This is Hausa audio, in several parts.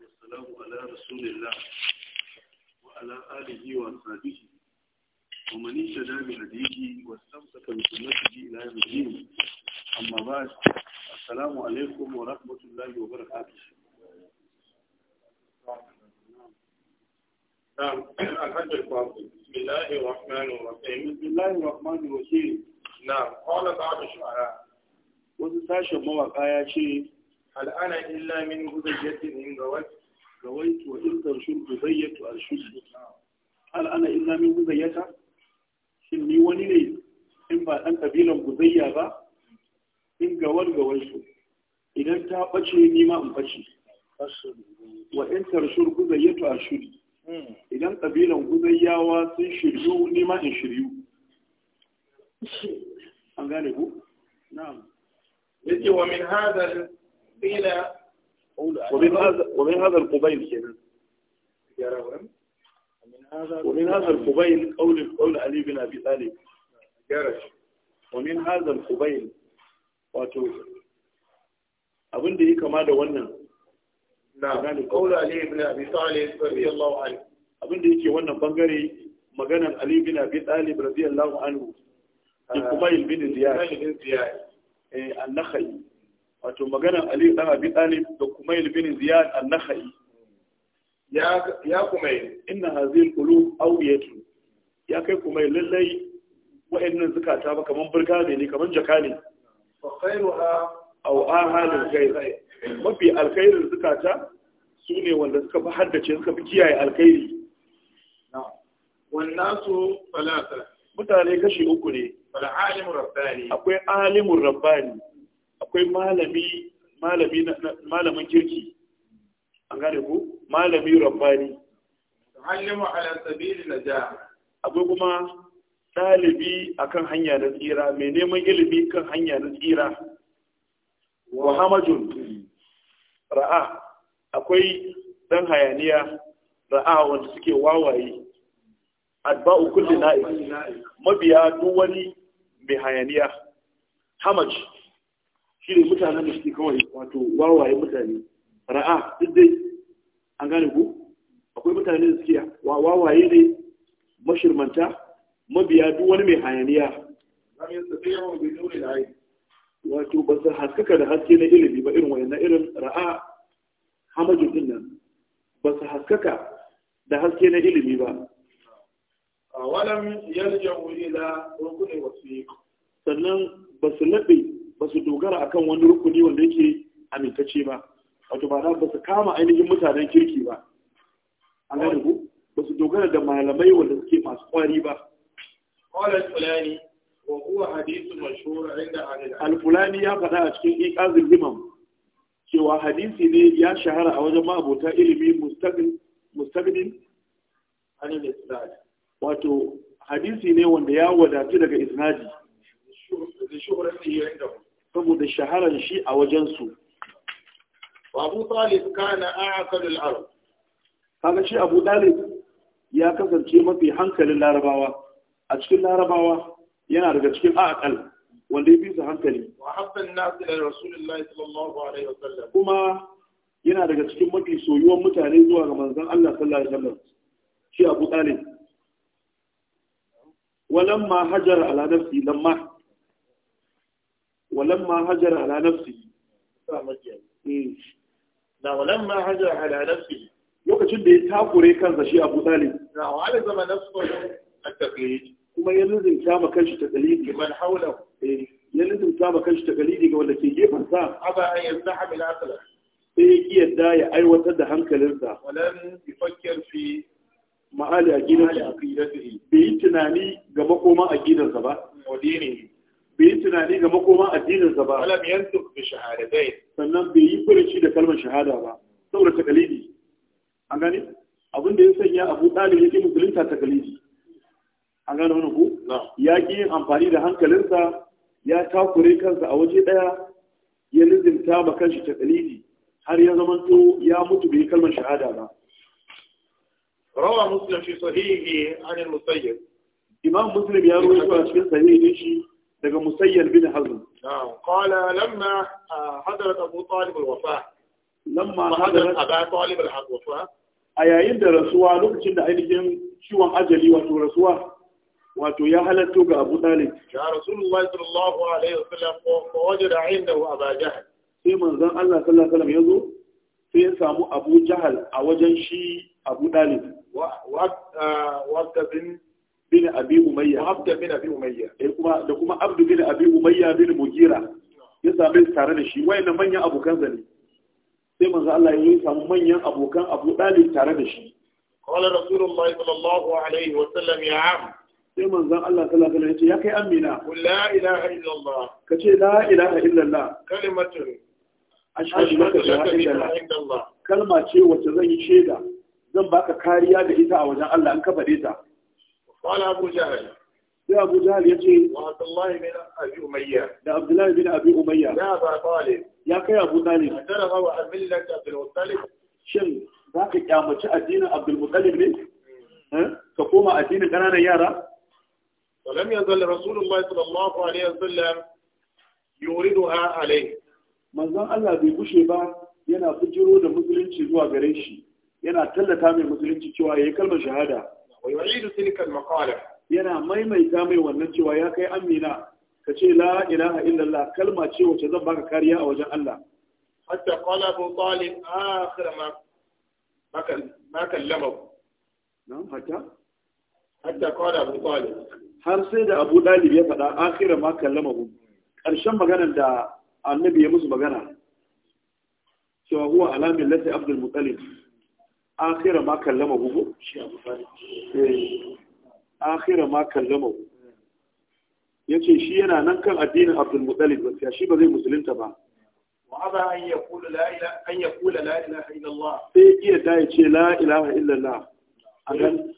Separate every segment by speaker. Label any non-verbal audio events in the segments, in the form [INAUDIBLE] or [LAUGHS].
Speaker 1: wasalamu ala rasulillah wa ala alihi wa sahbihi wa man ittaba bi hadihi wa istamsaka bi sunnatihi ila yawm al-din amma ba'd assalamu alaykum wa rahmatullahi wa barakatuh Na, ƙwanar ba a da shi a ra. Wasu sashen mawaƙa ya ce, هل أنا إلا من هدية إن غويت غويت وإن ترشد هدية أرشد هل أنا إلا من هدية ni wani ne in ba ɗan ƙabilan guzayya ba in gawar gawarsu idan ta ɓace ni ma in ɓace wa in tarshur a shuri idan ƙabilan guzayyawa sun shiryu ni ma in shiryu an gane ku na'am yace wa min hadal قيل ومن هذا ومن هذا القبيل كذا ومن هذا القبيل قول قول علي بن ابي طالب ومن هذا القبيل wato abin da ya kama da wannan na kaula ali ibn abi talib radiyallahu anhu abin da yake wannan bangare maganan ali ibn abi talib radiyallahu anhu da kuma ibn ziyad ibn ziyad eh an-nakhai wato maganar Ali dan Abi Talib da Kumail bin Ziyad an-Nakhai ya ya Kumail inna hazil qulub awiyatu ya kai Kumail lallai wa'annan zakata ba kaman burga ne kaman jaka ne fa khairuha aw ahalul khair mafi alkhairin zakata su ne wanda suka fi haddace suka fi kiyaye alkhairi wannasu falata mutane kashi uku ne fal alimur rabbani akwai alimur rabbani akwai malami malami malamin kirki an gane ku malami rabbani ta'allimu ala sabili najah akwai kuma ɗalibi akan hanya na tsira mai neman ilimi kan hanya na tsira muhammadun ra'a akwai dan hayaniya ra'a wanda suke wawaye adba'u kulli na'i mabiya duk wani mai hayaniya hamaji shine ne mutanen da suke kawai wato wawaye mutane ra'a duk dai an gane ku akwai mutane da suke wawaye ne mashirmanta mabiya duk wani mai hayaniya wato ba su haskaka da haske na ilimi ba irin na irin ra'a hamajin din nan ba su haskaka da haske na ilimi ba walam yarjahu ila rukuni wasiq sannan ba su labe ba su dogara a kan wani rukuni wanda yake amintacce ba wato ba na ba su kama ainihin mutanen kirki ba a gane ku ba su dogara da malamai wanda suke masu kwari ba alfulani ya faɗa a cikin ikazin himam cewa hadisi ne ya shahara a wajen ma'abota ilimi mustaqbil wato hadisi ne wanda ya wadatu daga isnadi saboda shaharan shi a wajensu abu talib kana aqalul arab kaga shi abu talib ya kasance mafi hankalin larabawa a cikin larabawa yana daga cikin aqal wanda ya fi su hankali wa habban nas ila rasulullahi sallallahu alaihi wasallam kuma yana daga cikin mafi soyuwan mutane zuwa ga manzon Allah sallallahu alaihi wasallam shi abu talib walamma hajara al'adar nafsi lamma ولما هجر على نفسه فهمت إيه. نعم، لا ولما هجر على نفسه شو دي تاكوري كان شي ابو طالب لا نعم، وعلى زمان نفسه التقليد كما يلزم كما كان شي تقليد من حوله ايه يلزم كما كان شي تقليد ولا في جيبه انسان ابا ان يمنح من عقله ايه كي يدعى ايوتر ده هنكلرزا ولم يفكر في معالي عقيدته بيتناني غمقوما عقيدته با ودينه bai yi tunani ga makoman addininsa ba alam yantuk bi shahadatain sannan bai yi furuci da kalmar shahada ba saboda takalidi an gani abin da ya sanya abu dalib yake musulunta takalidi an gane wani ku ya ƙi yin amfani da hankalinsa ya takure kansa a waje ɗaya ya lizinta ma kanshi takalidi har ya zamanto ya mutu bai kalmar shahada ba rawa muslim fi sahihi an al musayyar. imam muslim ya rufe a cikin sahihin shi daga musayyar bin hazm qala lamma ah, hadarar abu talib alwafa lamma hadarar abu talib alwafa a yayin da rasuwa lokacin da ainihin ciwon ajali wato rasuwa wato ya halatto ga abu talib ya rasulullahi sallallahu alaihi wasallam da wajada indahu abu jahl sai manzan Allah sallallahu alaihi wasallam sai ya samu abu jahal a wajen shi abu talib wa wa ah, bin abi umayya abda bin abi umayya eh kuma da kuma abdu bin abi umayya bin mugira ya same tare da shi wayannan manyan abokan zane sai manzo Allah ya yi samu manyan abokan Abu Dalib tare da shi qala rasulullahi sallallahu alaihi wa sallam ya am sai manzo Allah sallallahu alaihi wa ya kai amina la ilaha illallah kace la ilaha illallah kalimatun ashhadu an la ilaha illallah kalma ce wacce zan yi shaida zan baka kariya da ita a wajen Allah an ka faɗe ta قال أبو جهل يا أبو جهل يجي وعبد الله بن أبي أمية يا عبد الله بن أبي أمية يا أبا طالب يا كي أبو طالب أترى هو ملة عبد المطلب شن ذاك يا مجا الدين عبد المطلب ليه ها تقوم الدين كنا يارا ولم يزل رسول الله صلى الله عليه وسلم يريدها عليه manzon Allah bai gushe ba yana fujiro da musulunci zuwa gare shi yana tallata mai musulunci cewa yayi kalmar shahada ويعيد تلك المقالة ينا yana maimaita mai wannan cewa ya kai amina ka ce la ilaha kalma ce wacce zan baka kariya a wajen Allah hatta qala abu talib akhir حتى ma kallama na'am har sai da abu dalib ya faɗa akhir ma kallama hu ƙarshen maganar da annabi ya musu magana cewa huwa alamin lati abdul mutalib an khira ma kallama hugu eh. an khira ma kallama ya ce shi yana nan kan addinin abdulmuttalib gaskiya shi ba zai musulunta ba وهذا أن يقول لا إله أن يقول لا إله إلا الله. إيه دايتش لا إله إلا الله. أجل.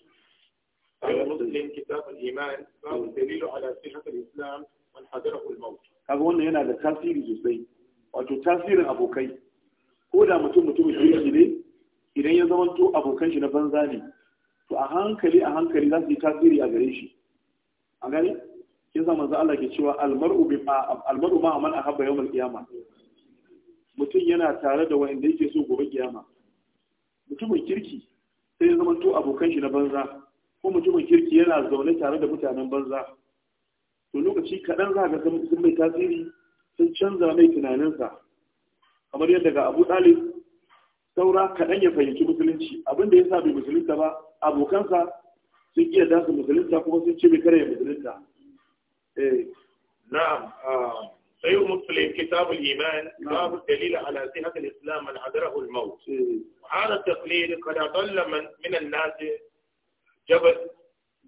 Speaker 1: المسلم كتاب الإيمان باب الدليل على صحة الإسلام من حضره الموت. kaga wannan yana da tasiri sosai wato tasirin abokai ko da mutum mutum kirki ne idan ya zama to abokan shi na banza ne to a hankali a hankali za su yi tasiri a gare shi a gani kin sa manzo Allah ke cewa almar'u bi almar'u ma man ahabba yawm al-qiyama mutum yana tare da wanda yake so gobe kiyama mutumin kirki sai ya zama to abokan shi na banza ko mutumin kirki yana zaune tare da mutanen banza to lokaci kaɗan za ga sun mai tasiri sun canza mai tunaninsa kamar yadda ga abu ɗalib saura kaɗan ya fahimci musulunci abin da ya sa bai musulunta ba abokansa sun iya da su musulunta kuma sun ce bai kare ya musulunta eh. na'am ah, sai muslim kitabul iman babu dalila ala sihhat al-islam man hadarahu al-maut eh. hada taqlid qad dalla man min an-nas jabal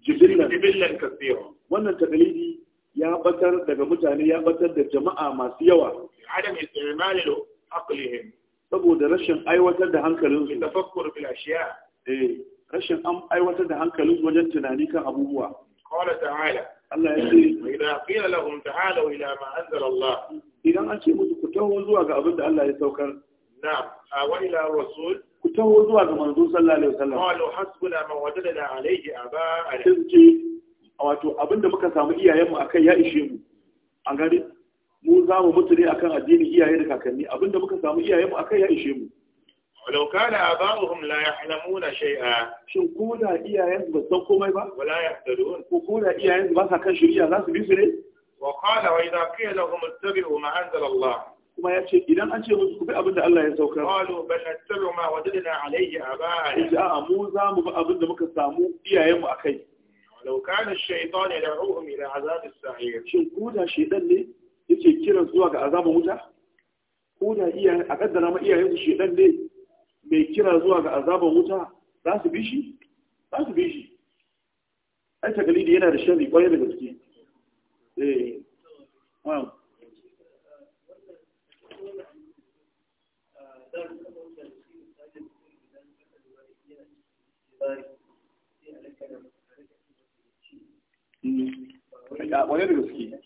Speaker 1: jibillan kaseera wannan taqlidi ya batar daga mutane ya batar da jama'a masu yawa adam istimal aqlihim saboda rashin aiwatar da hankalinsu da fakkur bil ashiya eh rashin aiwatar da hankalinsu wajen tunani kan abubuwa qala ta'ala Allah ya ce qila lahum ta'alu ila ma anzala Allah idan an ce musu ku taho zuwa ga abin da Allah ya saukar na'am wa ila rasul ku taho zuwa ga manzo sallallahu alaihi wasallam qalu hasbuna ma wajadna alayhi aba'ana sun wato abinda muka samu iyayenmu akai ya ishe mu an gani mu za mu mutu ne akan addinin iyaye da kakanni abinda muka samu iyayen mu akai ya ishe mu walau kana aba'uhum la ya'lamuna shay'a shin ko da iyayen ba san komai ba wala yahtadun ko ko da iyayen ba sa kan shari'a za su bi su ne wa qala wa idha qila lahum ittabi'u ma kuma ya ce idan an ce musu ku bi abinda Allah ya saukar qalu bal nattabi'u ma wajadna alayhi aba'ana ja'a mu za mu bi abinda muka samu iyayen mu akai walau kana shin ne yake kiran zuwa ga azaban wuta ko da iya a kaddara ma iyayen su shedan ne mai kira zuwa ga azaban wuta za su bi shi za su bi shi ai takalidi yana da sharri kwarai da gaske eh wow hmm. Wani da gaske.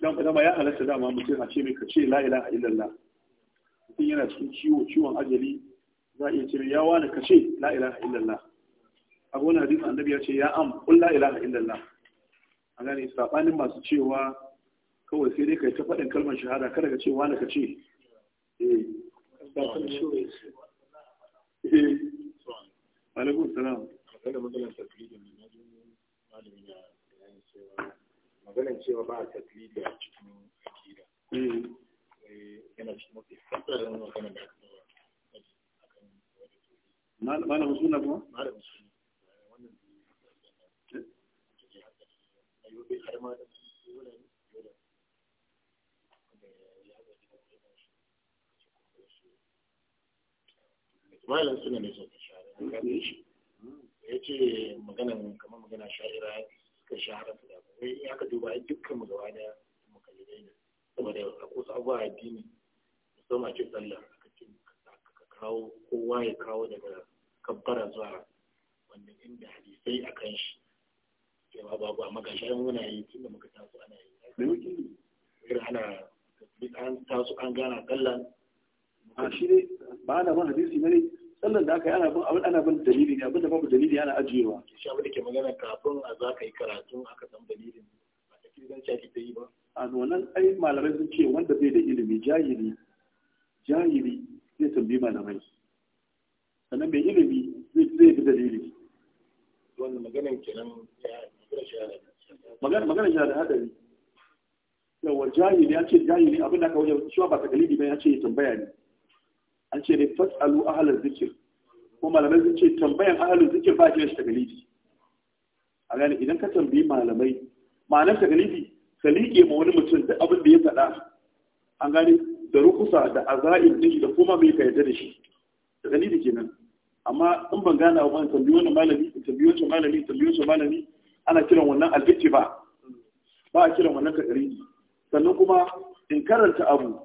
Speaker 1: don ka zama ya halatta dama mutum a ce mai ka ce la'ila a ilalla mutum yana cikin ciwo ciwon ajali za a iya ce ya wani ka ce la'ila a ilalla a wani hadisi annabi ya ce ya am kun la'ila a ilalla a gane sabanin masu cewa kawai sai dai ka yi ta faɗin kalmar shahada kada ka ce wani ka ce eh, eh. salam kada maganar tafiye da mai malami na cewa maganar cewa ba a taklidi a cikin akida
Speaker 2: eh. yana cikin mafi tsarin maganar da
Speaker 1: aka suna kuma malamin suna wannan
Speaker 2: har ma da suna ne ya ce magana kamar magana sha'ira suka shahara ta sai in aka duba dukkan mu gaba daya mukallimai ne saboda akwai su abubuwa addini musamman ce sallah aka ce ka kawo kowa ya kawo daga kabbara zuwa wannan inda hadisai a kan shi cewa babu amma ga shayin muna yi tunda muka
Speaker 1: taso ana yi irin ana an taso an gana Sallah. a shi ne ba na ban hadisi ne sannan da aka yi ana bin abin ana bin dalili ne abin da babu dalili ana ajiyewa shi
Speaker 2: sha wani ke magana kafin a za ka yi karatu aka san dalilin
Speaker 1: ba ta fi zan caki ta yi ba a wannan ai malamai sun ce wanda bai da ilimi jahili jahili zai tambayi malamai sannan mai ilimi zai fi dalili wannan maganar kenan ya magana magana yana da hadari yawa jahili ya ce jahili abin da aka wajen shi ba ta dalili ba ya ce tambaya ne an ce ne fasalu ahalar zikir ko malamai sun ce tambayan ahalar zikir ba shi da shagalidi a gane idan ka tambayi malamai ma'anar shagalidi ka liƙe ma wani mutum da abin da ya faɗa an gane da rukusa da aza'in ɗin da kuma mai ka yarda da shi shagalidi kenan amma in ban gane abu ban tambayi wani malami in tambayi wancan malami in tambayi wancan malami ana kiran wannan albici ba ba a kiran wannan shagalidi sannan kuma in karanta abu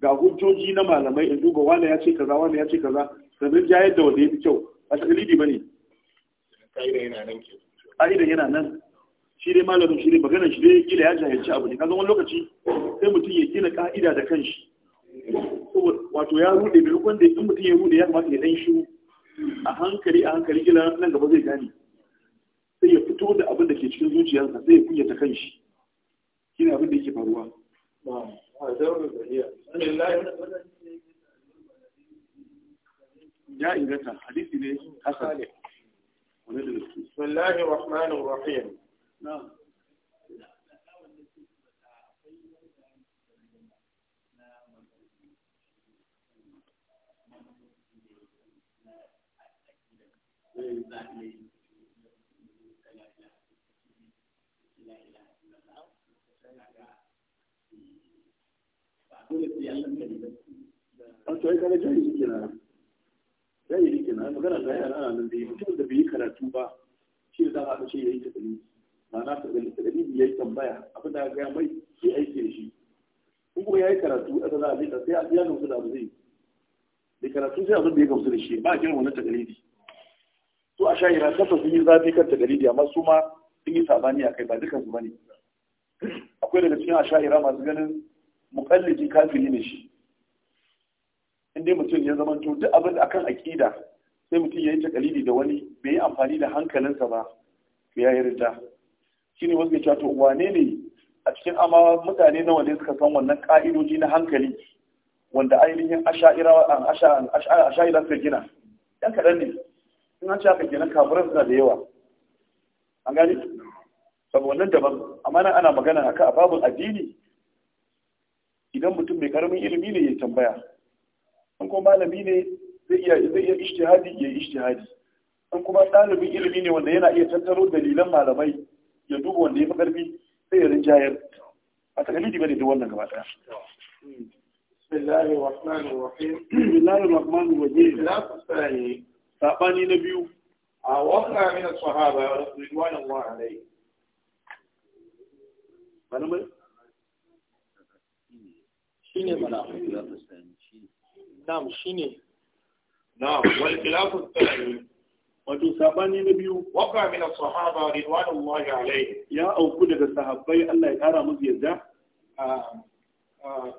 Speaker 1: ga hujjoji na malamai in duba wani ya ce kaza wani ya ce kaza sannan jayar da wanda ya fi kyau a takalidi ba ne ƙa'ida yana nan shi dai malamin shi dai maganar shi dai gila ya jahilci abu ne kaga wani lokaci sai mutum ya gina ƙa'ida da kanshi wato ya rude bai wanda in mutum ya rude ya kamata ya dan shi a hankali a hankali gila nan gaba zai gane sai ya fito da abin da ke cikin zuciyarsa sai ya kunyata kanshi gina abin da yake faruwa ya ingata hadisi ne hasan bismillahir rahmanir rahim Thank you. an to ai kana jahili kenan jahili kenan magana da yana ana nan da mutum da bai karatu ba shi da aka ce yayi ta dalili ma'ana ta dalili ta dalili yayi tambaya abin da ga mai sai aiki da shi in kuma yayi karatu a sana zai sai a biya musu da abu zai da karatu sai abin da ya gamsu da shi ba a kiran wannan ta dalili to a shayira, tabbas sun yi zafi kan ta dalili amma su ma sun yi sabani a kai ba dukansu ba ne akwai daga cikin a shayira masu ganin muƙallidi kafiri ne shi inda mutum ya zama to duk abin akan aƙida sai mutum ya yi takalidi da wani bai yi amfani da hankalinsa ba ya yi rinda shi ne wasu cewa to wane ne a cikin amawa mutane nawa ne suka san wannan ƙa'idoji na hankali wanda ainihin asha'ira suka gina ɗan kaɗan ne in an ce aka gina kaburan suna da yawa an gani saboda wannan daban amma ana magana haka a babin addini idan mutum mai karamin ilimi ne ya tambaya in kuma malami ne zai iya zai iya ijtihadi ya ijtihadi in kuma ɗalibin ilimi ne wanda yana iya tattaro dalilan malamai ya duba wanda ya fi ƙarfi sai ya rinjayar a takalidi bane da wannan gaba ɗaya بسم الله الرحمن الرحيم بسم الله الرحمن الرحيم لا تسألني سأباني نبي وقع من الصحابة رضوان الله عليه shine mana na'am shine na'am wal khilafu tsani wato sabani na biyu waka min as-sahaba ridwanullahi alayhi ya auku daga sahabbai Allah ya kara musu yadda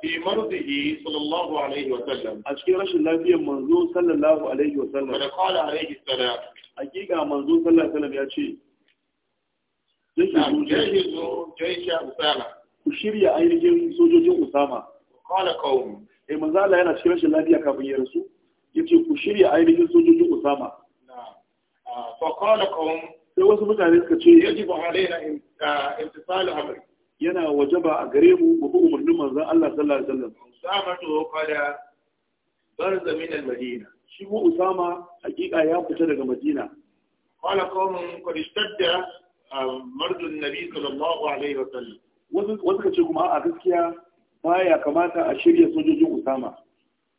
Speaker 1: fi marzihi sallallahu alaihi wa sallam a cikin rashin lafiyar manzo sallallahu alaihi wa sallam da qala alaihi salam hakika manzo sallallahu alaihi wa sallam ya ce jahizu jahizu jahizu usama ku shirya ainihin sojojin usama qala qawm eh manzo Allah yana cikin rashin lafiya kafin ya rasu Ya ce ku shirya ainihin sojojin Usama ah, fa qala qawm sai wasu mutane suka ce yajibu alaina ah, imtisalu amri yana wajaba a gare mu mu bi umarnin manzon Allah sallallahu alaihi wasallam Usama to kada bar min al-Madina shi mu Usama hakika ya fita daga Madina qala qawm qad ishtadda ah, mardun nabi sallallahu alaihi wasallam wasu ka ce kuma a gaskiya ya kamata a shirya sojojin Usama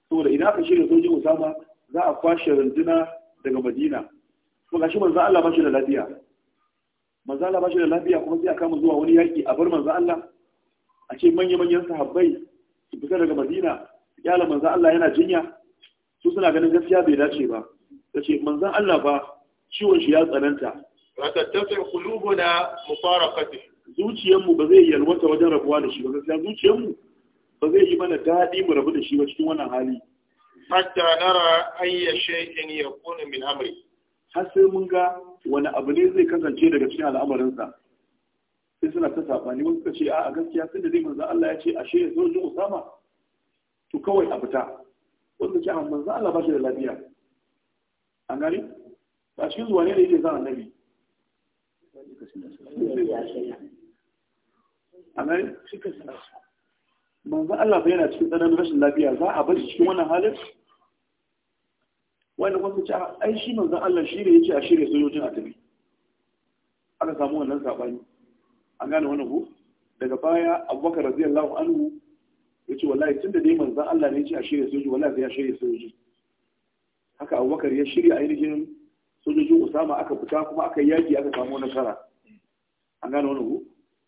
Speaker 1: saboda idan aka shirya sojojin Usama za a kwashe runduna daga Madina kuma gashi manzo Allah bashi da lafiya manzo Allah bashi da lafiya kuma sai a kama zuwa wani yaki a bar manzo Allah a ce manya-manyan sahabbai su fita daga Madina yala manzo Allah yana jinya su suna ganin gaskiya bai dace ba kace manzo Allah ba ciwon shi ya tsananta tafi kulubuna mufarakati zuciyarmu ba zai yalwata wajen rabuwa da shi ba gaskiya zuciyarmu ba zai yi mana daɗi mu rabu da shi ba cikin wannan hali hatta nara ayya shay'in yakunu min amri har sai mun ga wani abu ne zai kasance daga cikin al'amarinsa sai suna ta sabani wasu ka ce a gaskiya tun da dai manzo Allah ya ce ashe ya zo ji Usama to kawai a fita wanda ce a manzo Allah ba shi da lafiya an gani ba cikin zuwa ne da yake zan annabi a gani shi ka sanar manzan Allah bai yana cikin tsananin rashin lafiya za a bashi cikin wannan halin Wani kuma su ce aishi shi manzan Allah shi ne ya ce a shirya sojojin a tafi aka samu wannan saɓani an gane wannan ku daga baya abubakar wa anhu ya ce wallahi tun da dai manzan Allah ne ya ce a shirya sojoji wallahi zai ya shirya sojoji haka abubakar ya shirya ainihin sojojin usama aka fita kuma aka yaki aka samu nasara an gane wannan ku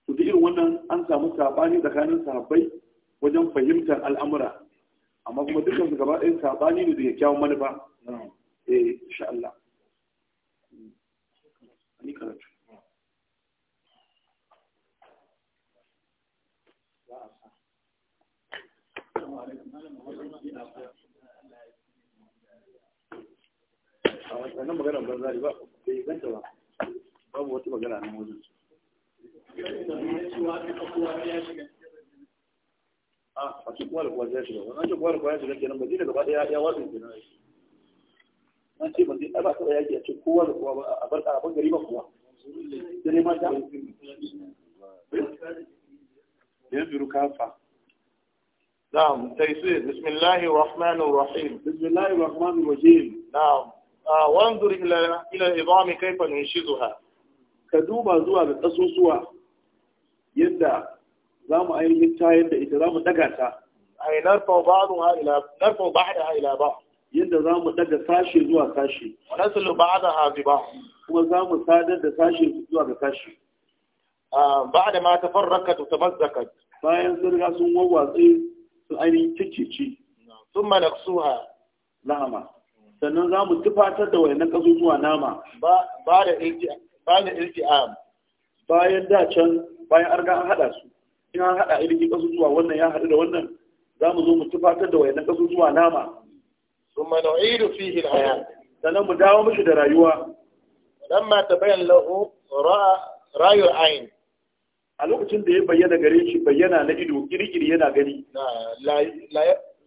Speaker 1: to da irin wannan an samu saɓani tsakanin sahabbai wajen fahimtar al'amura amma kuma dukkan su gaba ɗaya saɓani ne da ya kyawun manufa eh, a wannan magana ba wata magana Ah, a ce kowa kuwa kowa ya shiga wani an ce kuwa da kowa ya shiga kenan ba zai gaba ɗaya ya watsa kenan Na ce ba zai ba taɓa a ce kowa da kowa a bar a gari ba kowa dare nema ta yanzuru kafa نعم تيسير بسم الله الرحمن الرحيم بسم الله الرحمن الرحيم نعم وانظر إلى إلى العظام كيف ننشزها كدوبا زوا بالقصص يدا za mu ainihin tayar da ita za mu daga ta ba yadda za mu daga sashe zuwa sashe wa naslu ba'daha bi ba kuma za mu sadar da sashe zuwa ga sashe da ma tafarrakat wa tamazzakat bayan sun riga sun wawwatsi su ainihin mana su ha. nama sannan za mu tufatar da wayannan zuwa nama ba da ilti'am bayan dacen, bayan arga an hada su in an haɗa ainihin ƙasusuwa wannan ya haɗu da wannan za mu zo mu tufatar da wayannan ƙasusuwa nama sun mana idu fihi alhaya sannan mu dawo mishi da rayuwa dan ma ta bayan lahu rayu ayin a lokacin da ya bayyana gare shi bayyana na ido kirkiri yana gani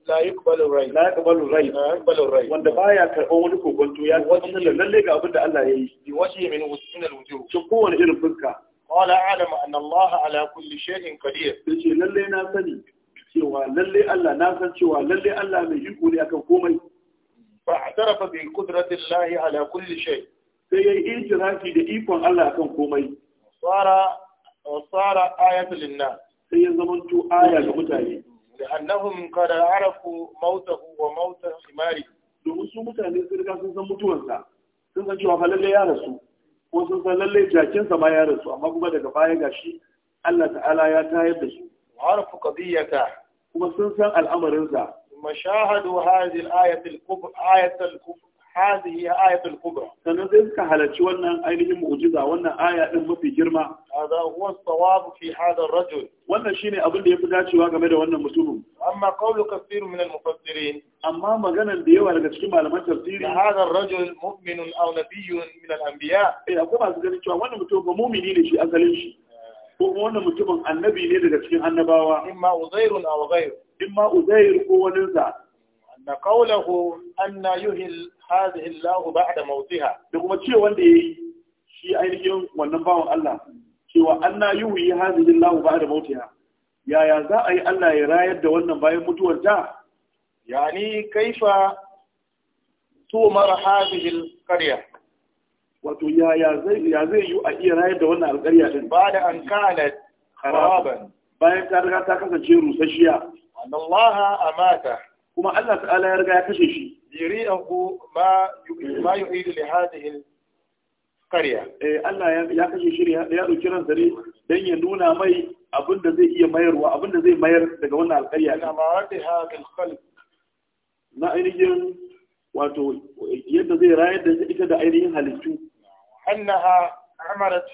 Speaker 1: la yuqbalu rai la rai la yuqbalu rai wanda baya karban wani kokonto ya tabbatar da lalle ga abin da Allah ya yi shi min wusul wujuh to kowane irin fuska قال أعلم أن الله على كل شيء قدير يجي للي ناسني cewa lalle Allah na san cewa lalle Allah mai iko ne akan komai fa atarafa bi qudratin lahi ala kulli shay sai yayi itirafi da ikon Allah akan komai sara sara ayatul linnas sai ya zama aya ga mutane Da لأنهم قد عرفوا موته وموت حماره domin su mutane sun riga sun san mutuwarsa sun san cewa fa lalle ya rasu ko sun san lalle jakinsa ma ya rasu amma kuma daga baya gashi Allah ta'ala ya tayar da su wa'arfu qadiyata kuma sun san al'amarinsa mashahadu hadhihi al-ayati al-kubra ayat kubra hadhihi ayatul kubra sannan sai suka halarci wannan ainihin mu'jiza wannan aya din mafi girma hadha huwa as-sawab fi hadha ar wannan shine abin da yafi dacewa game da wannan mutumin amma qawlu kathir min al-mufassirin amma maganar da yawa daga cikin malaman tafsiri hadha ar-rajul mu'minun aw nabiyyun min al-anbiya eh akwai masu ganin cewa wannan mutum ba mu'mini ne shi asalin shi ko wannan mutumin annabi ne daga cikin annabawa imma ko da qawluhu anna yuhil hadhihi Allah ba'da mawtiha da kuma ce wanda yayi shi ainihin wannan bawan Allah cewa anna yuhi hadhihi Allah ba'da mawtiha yaya za a yi Allah ya rayar da wannan bayan mutuwar ta yani kaifa tumar hadhihi al wato yaya zai ya zai yi a iya rayar da wannan alƙarya din ba da an kana kharaban bayan ta riga ta kasance rusasshiya annallaha amata kuma Allah ta'ala ya riga ya kashe shi yuri'ahu ma ma yu'idu li hadhihi qarya eh Allah ya kashe shi ya dauki ransa ne dan ya nuna mai abin da zai iya mayarwa abin da zai mayar daga wannan alƙarya ina ma ma'adiha bil khalq na ainihin wato yadda zai rayar da ita da ainihin halittu annaha amarat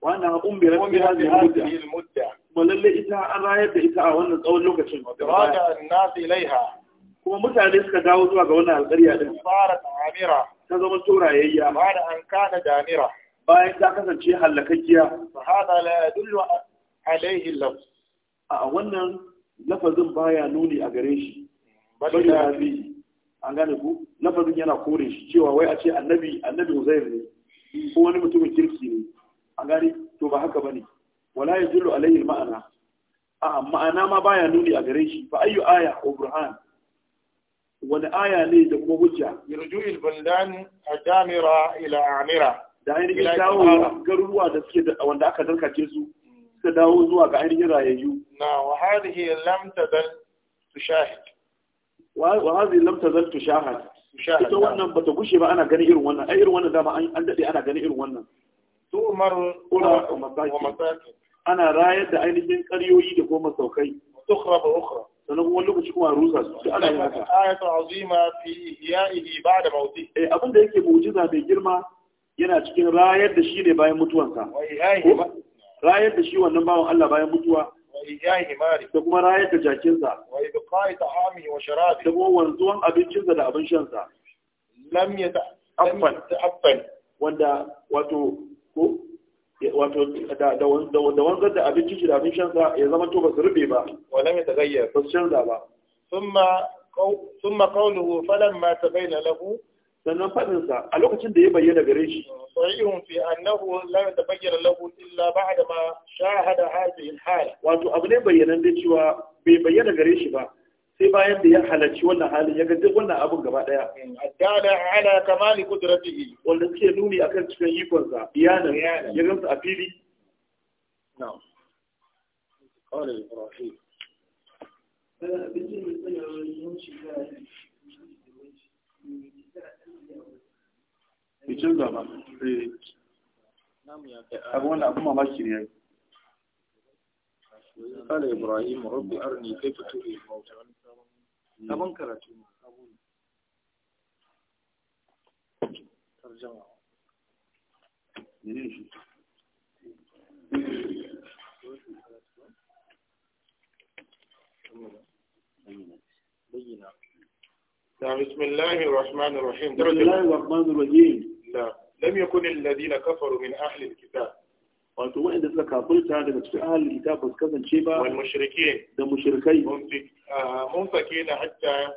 Speaker 1: wannan umbirat bi hadhihi al mudda lalle ita an rayar da ita a wannan tsawon lokacin wa irada an-nas kuma mutane suka dawo zuwa ga wannan alƙarya din fara amira ta zama turayayya ba da an kana damira bayan ta kasance hallakakkiya fa hada la yadullu alaihi lafz a wannan lafazin baya nuni a gare shi bari ya bi an gane ku lafazin yana kore shi cewa wai a ce annabi annabi uzair ne ko wani mutumin kirki ne an gane to ba haka bane wala yadullu alaihi ma'ana a ma'ana ma baya nuni a gare shi fa ayu aya ko burhan wani aya ne da kuma hujja yarju'il buldan adamira ila amira da ainihin dawo garuruwa da suke wanda aka zarkace su suka dawo zuwa ga ainihin rayayyu na wa hadhihi lam tazal tushahid wa hadhihi lam tazal tushahid ita wannan bata gushe ba ana ganin irin wannan ai irin wannan dama an dade ana ganin irin wannan su umar wa masaki ana rayar da ainihin karyoyi da goma saukai tukhra ba ukhra sannan kuma lokaci kuma rusa su sai ana yin haka ayatu azima fi ihya'ihi ba'da mauti eh abin da yake mu'jiza mai girma yana cikin rayar da shi ne bayan mutuwansa rayar da shi wannan bawan Allah bayan mutuwa da kuma rayar da jakinsa da kuma wanzuwan abincinsa da abin shansa lam ya ta'affan wanda wato ko wato da wanzar da abinci shi da abin shansa ya zama to ba su rube ba walam ya tagayyar ba su canza ba thumma thumma qawluhu falamma tabayyana lahu sannan fadin sa a lokacin da ya bayyana gare shi sahihun fi annahu la tabayyana lahu illa ba'da ma shahada hadhihi al-hala wato abu ne bayyanan da cewa bai bayyana gare shi ba sai bayan da ya halarci wannan halin ya ga duk wannan abun gaba daya addana ala kamali kudratihi wanda suke nuni akan cikin ikon sa iyana ya gamsu a fili قال إبراهيم ibrahim أرني كيف abu wannan Sabon karatu ne,
Speaker 2: sabo ne. Tarjama.
Speaker 1: Mene shi? بسم الله الرحمن الرحيم بسم الله الرحمن الرحيم لا نعم. لم يكن الذين كفروا من أهل الكتاب wato waɗanda suka kafirta daga cikin ahalin ita ba su kasance ba wani mashirke da mashirkai ah, mun fake na hatta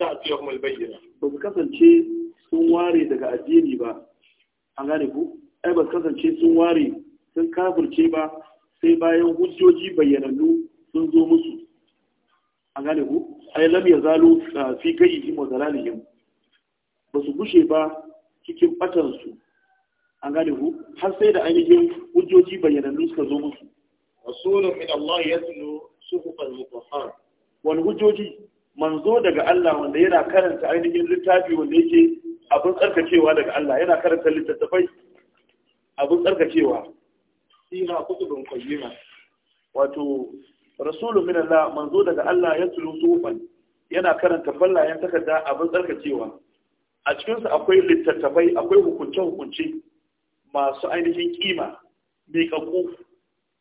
Speaker 1: a al bayyina ba su kasance sun ware daga addini ba an gane ku ai ba su kasance sun ware sun kafirce ba sai bayan hujjoji bayyanannu sun zo musu an gane ku ai lam zalo ah, fi gayyihim wa dalalihim ba su gushe ba cikin batansu an gane ku har sai da ainihin hujjoji bayyanannu suka zo musu rasulun min Allah yatlu suhufal mutahhar wal hujjoji manzo daga Allah wanda yana karanta ainihin littafi wanda yake abin tsarkakewa daga Allah yana karanta littattafai abin tsarkacewa sina kutubun qayyima wato rasulun min Allah manzo daga Allah ya yatlu suhufan yana karanta ballayen takarda abin tsarkakewa a cikinsu akwai littattafai akwai hukunce-hukunce masu ainihin kima mai kakku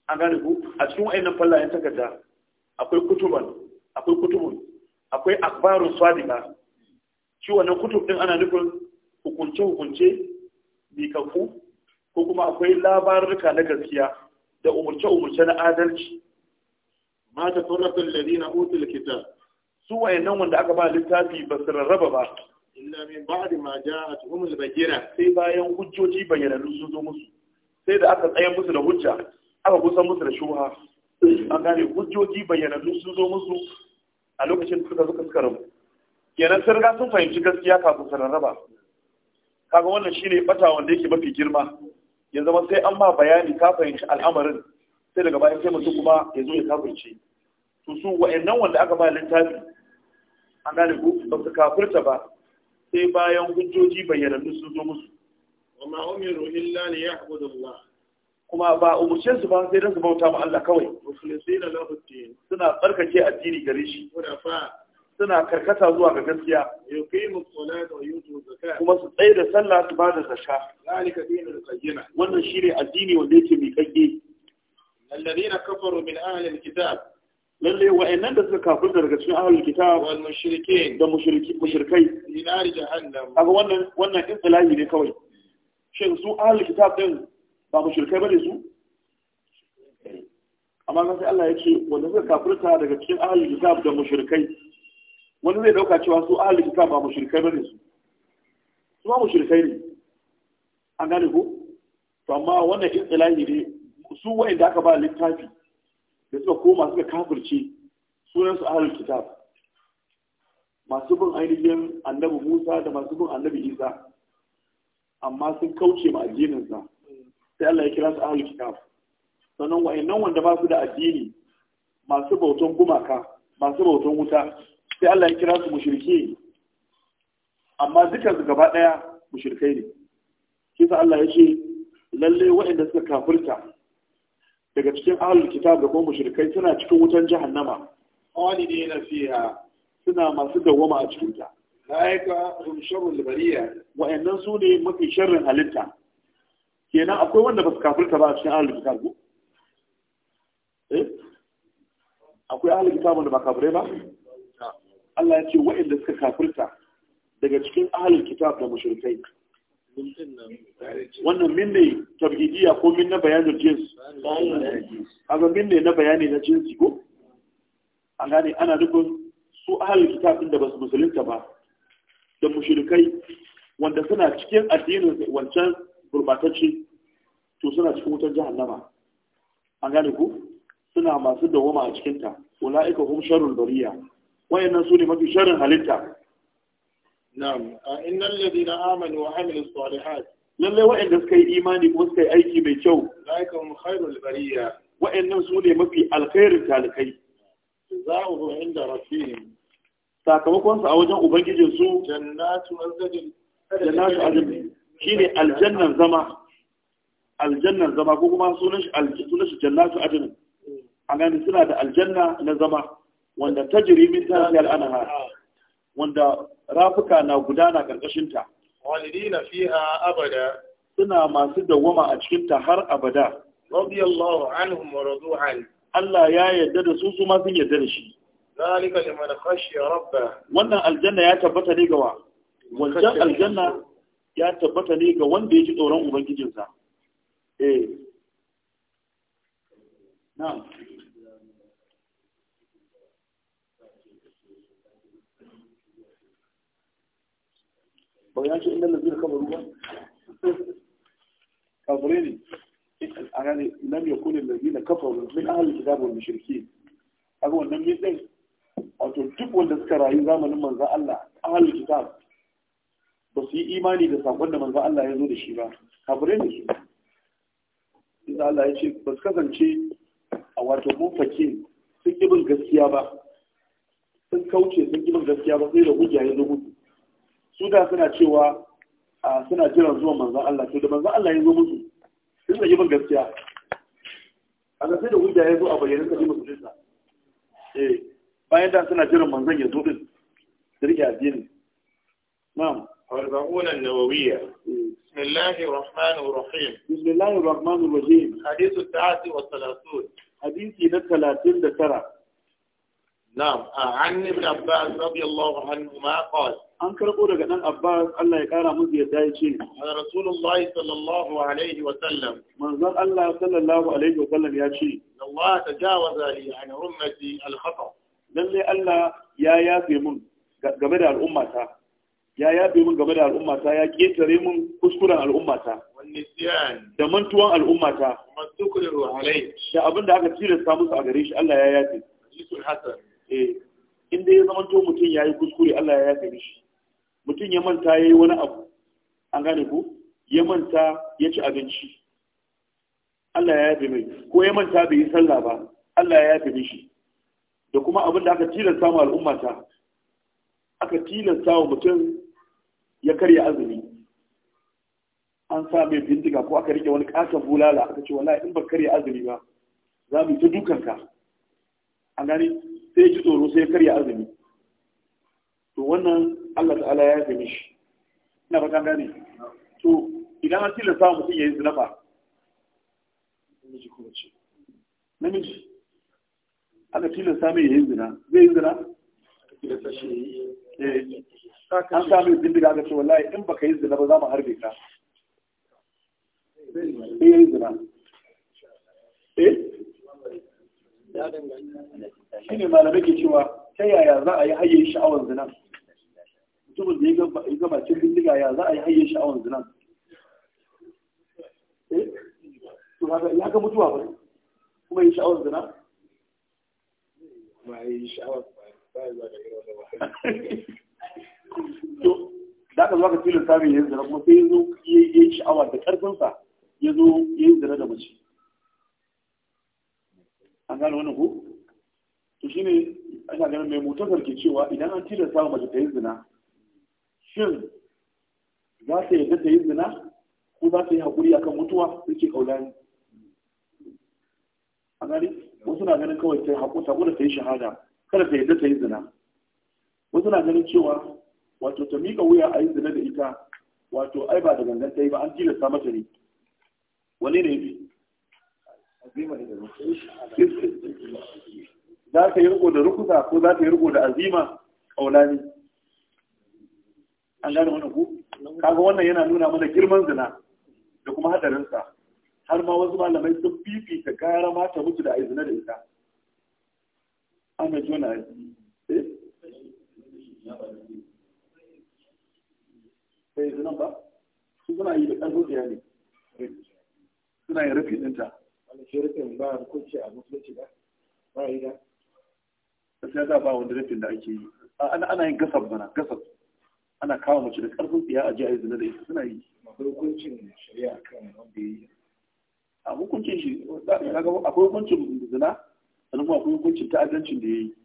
Speaker 1: an gane ku a cikin wa'annan fallayen takarda akwai kutuban akwai kutubun akwai akbarun swadima shi wannan kutub din ana nufin hukunce hukunce mai ko kuma akwai labarurka na gaskiya da umarce-umarce na adalci ma ta farrafin ladina utul kitab su nan wanda aka ba littafi ba su rarraba ba illa min ba'di ma ja'atuhum al-bayyina sai bayan hujjoji bayyanannu sun zo musu sai da aka tsaya musu da hujja aka kusan musu da shubha an gane hujjoji bayyanannu sun zo musu a lokacin da suka suka suka rabu kenan sun riga sun fahimci gaskiya kafin su rarraba kaga wannan shine bata wanda yake mafi girma ya zama sai an ma bayani ka fahimci al'amarin sai daga bayan sai mutum kuma ya zo ya kafirce to su wa'annan wanda aka ba littafi an gane ku ba su kafirta ba sai bayan hujjoji bayyana musu zo musu amma umiru illa ni ya'budu Allah kuma ba umurce su ba sai dan su bauta ma Allah kawai mukhlisina lahu ad-din suna barkace addini gare shi suna karkata zuwa ga gaskiya yuqimu salata wa yutu zakat kuma su tsaya da sallah su ba da zakka zalika dinul qayyima wannan shine addini wanda yake kage. alladhina kafaru min ahli alkitab lalle wa'annan da suka kafirta daga cikin ahlul kitab wal mushrikin da mushriki mushrikai nar jahannam kaga wannan wannan istilahi ne kawai shin su ahlul kitab din ba mushrikai bane su amma sai Allah ya ce wanda suka kafirta daga cikin ahlul kitab da mushrikai wanda zai dauka cewa su ahlul kitab ba mushrikai bane su su ba mushrikai ne an gane ko to amma wannan istilahi ne su wa'anda aka ba littafi da suka koma suka kafirce sunansu ahalul kitab masu bin ainihin annabi musa da masu bin annabi isa amma sun kauce ma addininsa sai allah ya kira su ahalul kitab sannan wa'annan wanda ba su da addini masu bautan gumaka masu bautan wuta sai allah ya kira su mushrike amma dukkan su gaba daya mushrikai ne kisa allah ya ce lalle wa'anda suka kafirta daga cikin ahalul kitab da kuma mushrikai suna cikin wutan jahannama khalidina fiha suna masu dawwama a cikin ta laika hum sharrul bariya annan su ne mafi sharrin halitta kenan akwai wanda ba su kafirta ba a cikin ahalul kitab ko eh akwai ahalul kitab wanda ba kafire ba Allah ya ce wa'anda suka kafirta daga cikin ahalul kitab da mushrikai wannan min ne tabgidiya ko min na bayanin jins haka min ne na bayani na jinsi ko an gane ana nufin su ahal kitabin da basu musulunta ba da mushrikai wanda suna cikin addinin wancan gurbatacce to suna cikin wutar jahannama an gane ku suna masu dawoma a cikinta ulaika hum sharul bariya wayannan su ne mafi sharin halitta na'am innal ladina amanu wa amilus salihat lalle wa'anda suka yi imani kuma suka yi aiki mai kyau laika hum khairul bariya wa'annan su ne mafi alkhairin talikai za'u inda rabbihim sakamakon sa a wajen ubangijin su jannatu azabin jannatu azabin shine aljannan zama aljannan zama ko kuma sunan shi sunan shi jannatu ajin a suna da aljanna na zama wanda tajri min tahtiha al-anhar wanda rafuka na gudana ƙarƙashin ta na fiha abada suna masu dawwama a cikin ta har abada Rabi anhum wa radu'an Allah ya yarda da su su masu sun yarda da shi zalika kashi ya rabba wannan aljanna ya tabbata ne ga wa wancan aljanna ya tabbata ne ga wanda ya ji tsoron ubangijinsa eh na'am ba ya ce inda lazir kama ruwa kafure ne a gane lam ya kunin lazi na kafaru min ahalin kitab wal mushriki ga wannan min din wato duk wanda suka rayu zamanin manzon Allah ahalin kitab ba su yi imani da saƙon da manzon Allah ya zo da shi ba kafure ne su inda Allah ya ce ba su kasance a wato munfakin sun ƙi bin gaskiya ba sun kauce sun ƙi bin gaskiya ba sai da hujja ya zo mutu su suna cewa suna jiran zuwan manzan Allah to da manzan Allah ya zo musu sun da yibin gaskiya a ga sai da hujja ya zo a bayyana sai musu dinsa eh bayan da suna jiran manzan ya zo din sirki addini na'am أربعون النووية بسم الله الرحمن الرحيم بسم الله الرحمن الرحيم حديث التاسع والثلاثون حديث ثلاثين ترى نعم عن ابن عباس رضي الله عنهما قال an karɓo daga ɗan abbas allah ya ƙara musu yadda ya ce rasulullahi sallallahu alaihi wa sallam manzon allah sallallahu alaihi wa sallam ya ce allah ta jawaza li na ummati al khata lalle allah ya yafe mun game da al'ummata ya yafe mun game da al'ummata ya ketare mun kuskuren al'ummata da mantuwan al'ummata da abin da aka tilasta musu a gare shi allah ya yafe Eh, in dai ya zama to mutum ya yi kuskure allah ya yafe mishi mutum ya manta ya yi wani abu an gane ku ya manta ya ci abinci Allah ya yafe mai ko ya manta bai yi sallah ba Allah ya yafe mishi da kuma abin da aka tilasta mu al'umma ta aka tilasta wa mutum ya karya azumi an sa mai bindiga ko aka rike wani katon bulala aka ce wallahi in ba karya azumi ba za mu yi ta dukanka an gani sai ya ji tsoro sai ya karya azumi to wannan Allah ta'ala ya yafe mishi ina ba kan gane to idan an tilasta mutum ya yi zina ba namiji ko ce namiji aka sa mai ya yi zina zai yin zina eh. an sa mai bindiga aka ce wallahi in baka yi zina ba za mu harbe ka sai ya yi zina eh shi ne malamai ke cewa ta yaya za a yi hayyar sha'awar zinan mutumin da ya gaba bakin bindiga ya za a yi hayyar sha'awar zinan eh? ya ga mutuwa ba kuma yi sha'awar zinan ba yi sha'awar ba ya zaga da wani da aka zuwa ka filin sami yin zina kuma sai ya zo yi sha'awa da ƙarfinsa ya zo ya yi zina da mace an gane wani ku to shine ana ganin mai mutuwar ke cewa idan an tilasta wa mace ta yi zina shin za ta yadda ta yi zina ko za ta yi haƙuri akan mutuwa suke ne a gari wasu na ganin kawai ta yi haƙo ta da ta yi shahada kada ta yadda ta yi zina wasu na ganin cewa wato ta miƙa wuya a yi zina da ita wato ai ba da gangan ta yi ba an tilasta mata ne wani ne bi za ta yi riko da rukuta ko za ta yi riko da azima ne an gane wani ku kaga wannan yana nuna mana girman zina da kuma hadarinsa har ma wasu malamai sun fifita gara ma ta mutu da aizina da ita an jona eh sai zinan ba su suna yi da ƙarfin da ne suna yin rufi ɗinta wani rufin ba a kunce a mutunci ba ba yi da gaskiya za ba wanda rufin da ake yi ana yin gasar mana gasar ana kawo mace da ƙarfin tsiya a jihar zina da ita suna yi A hukuncin shari'a kan wanda yi a hukuncin shi akwai hukuncin zina sannan kuma akwai hukuncin ta'addancin da ya yi